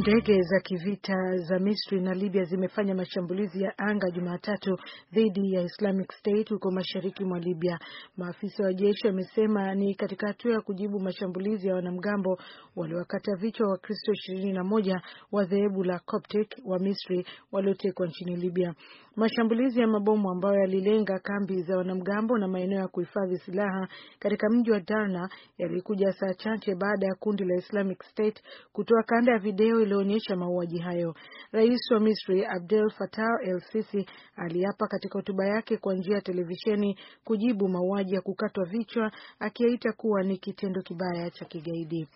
Ndege za kivita za Misri na Libya zimefanya mashambulizi ya anga Jumatatu dhidi ya Islamic State huko mashariki mwa Libya. Maafisa wa jeshi wamesema ni katika hatua ya kujibu mashambulizi ya wanamgambo waliokata vichwa Wakristo ishirini na moja wa dhehebu la Coptic wa Misri waliotekwa nchini Libya. Mashambulizi ya mabomu ambayo yalilenga kambi za wanamgambo na maeneo ya kuhifadhi silaha katika mji wa Darna yalikuja saa chache baada ya kundi la Islamic State kutoa kanda ya video walioonyesha mauaji hayo. Rais wa Misri Abdel Fattah El Sisi aliapa katika hotuba yake kwa njia ya televisheni kujibu mauaji ya kukatwa vichwa, akiaita kuwa ni kitendo kibaya cha kigaidi.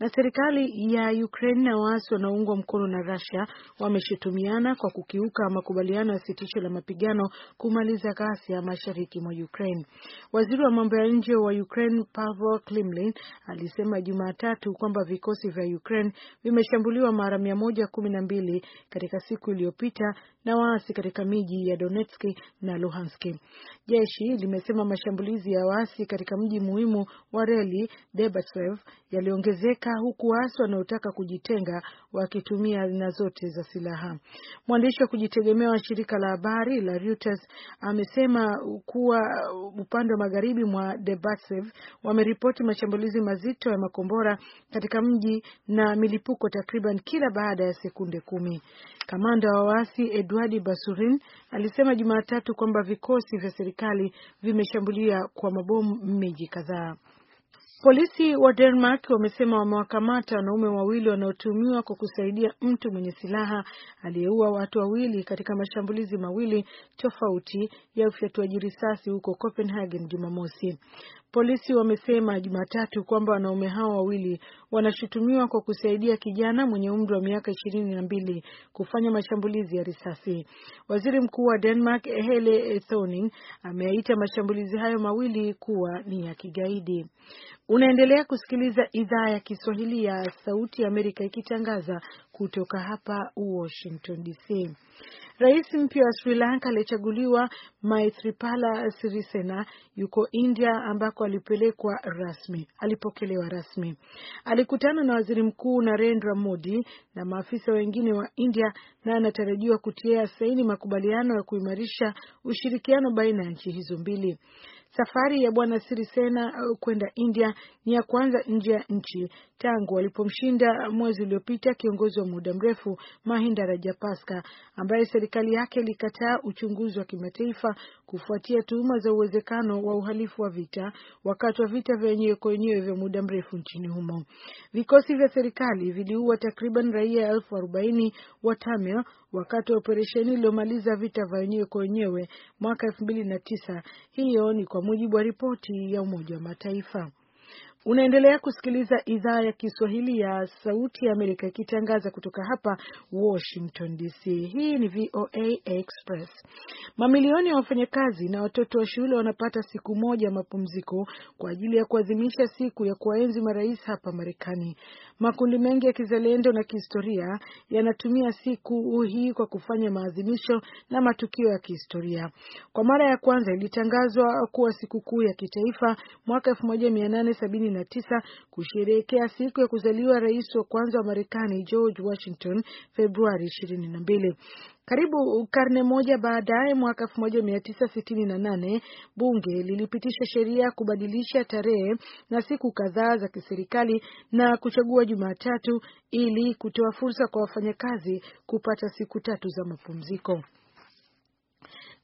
Na serikali ya Ukraine na waasi wanaoungwa mkono na Russia wameshutumiana kwa kukiuka makubaliano ya sitisho la mapigano kumaliza ghasia mashariki mwa Ukraine. Waziri wa mambo ya nje wa Ukraine Pavlo Klimlin alisema Jumatatu kwamba vikosi vya Ukraine vimeshambuliwa mara mia moja kumi na mbili katika siku iliyopita na waasi katika miji ya Donetsk na Luhansk. Jeshi limesema mashambulizi ya waasi katika mji muhimu wa reli Debaltseve yaliongezeka haraka huku waasi wanaotaka kujitenga wakitumia aina zote za silaha. Mwandishi wa kujitegemea wa shirika la habari la Reuters amesema kuwa upande wa magharibi mwa Debashev wameripoti mashambulizi mazito ya makombora katika mji na milipuko takriban kila baada ya sekunde kumi. Kamanda wa waasi Edward Basurin alisema Jumatatu kwamba vikosi vya serikali vimeshambulia kwa mabomu miji kadhaa. Polisi wa Denmark wamesema wamewakamata wanaume wawili wanaotumiwa kwa kusaidia mtu mwenye silaha aliyeua watu wawili katika mashambulizi mawili tofauti ya ufyatuaji risasi huko Copenhagen Jumamosi. Polisi wamesema Jumatatu kwamba wanaume hao wawili wanashutumiwa kwa kusaidia kijana mwenye umri wa miaka ishirini na mbili kufanya mashambulizi ya risasi. Waziri Mkuu wa Denmark Hele Thorning ameaita mashambulizi hayo mawili kuwa ni ya kigaidi. Unaendelea kusikiliza idhaa ya Kiswahili ya Sauti ya Amerika ikitangaza kutoka hapa Washington DC. Rais mpya wa Sri Lanka aliyechaguliwa Maithripala Sirisena yuko India ambako alipelekwa rasmi, alipokelewa rasmi. Alikutana na waziri mkuu Narendra Modi na maafisa wengine wa India na anatarajiwa kutia saini makubaliano ya kuimarisha ushirikiano baina ya nchi hizo mbili. Safari ya Bwana Sirisena uh, kwenda India ni ya kwanza nje ya nchi tangu walipomshinda uh, mwezi uliopita kiongozi wa muda mrefu Mahinda Rajapaksa ambaye serikali yake ilikataa uchunguzi wa kimataifa kufuatia tuhuma za uwezekano wa uhalifu wa vita wakati wa vita vya wenyewe kwa wenyewe vya muda mrefu nchini humo. Vikosi vya serikali viliua takriban raia elfu arobaini wa Tamil wakati wa operesheni iliyomaliza vita vya wenyewe kwa wenyewe mwaka elfu mbili na tisa. Hiyo ni kwa mujibu wa ripoti ya Umoja wa Mataifa. Unaendelea kusikiliza idhaa ya Kiswahili ya Sauti ya Amerika ikitangaza kutoka hapa Washington DC. Hii ni VOA Express. Mamilioni ya wafanyakazi na watoto wa shule wanapata siku moja mapumziko kwa ajili ya kuadhimisha siku ya kuwaenzi marais hapa Marekani. Makundi mengi ya kizalendo na kihistoria yanatumia siku hii kwa kufanya maadhimisho na matukio ya kihistoria. Kwa mara ya kwanza ilitangazwa kuwa sikukuu ya kitaifa mwaka 1870 19 kusherehekea siku ya kuzaliwa rais wa kwanza wa Marekani George Washington Februari 22. Karibu karne moja baadaye, mwaka 1968 bunge lilipitisha sheria kubadilisha tarehe na siku kadhaa za kiserikali na kuchagua Jumatatu ili kutoa fursa kwa wafanyakazi kupata siku tatu za mapumziko.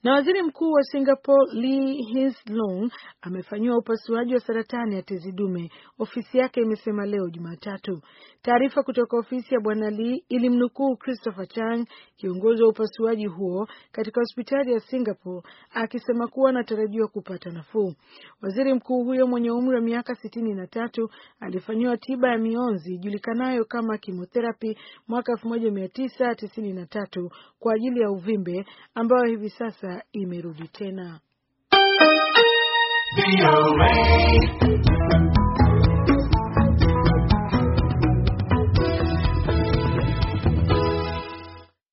Na waziri mkuu wa Singapore Lee Hsien Loong amefanyiwa upasuaji wa saratani ya tezi dume, ofisi yake imesema leo Jumatatu. Taarifa kutoka ofisi ya bwana Lee ilimnukuu Christopher Chang, kiongozi wa upasuaji huo katika hospitali ya Singapore, akisema kuwa anatarajiwa kupata nafuu. Waziri mkuu huyo mwenye umri wa miaka sitini na tatu alifanyiwa tiba ya mionzi ijulikanayo kama chemotherapy mwaka 1993 kwa ajili ya uvimbe ambayo hivi sasa sasa imerudi tena.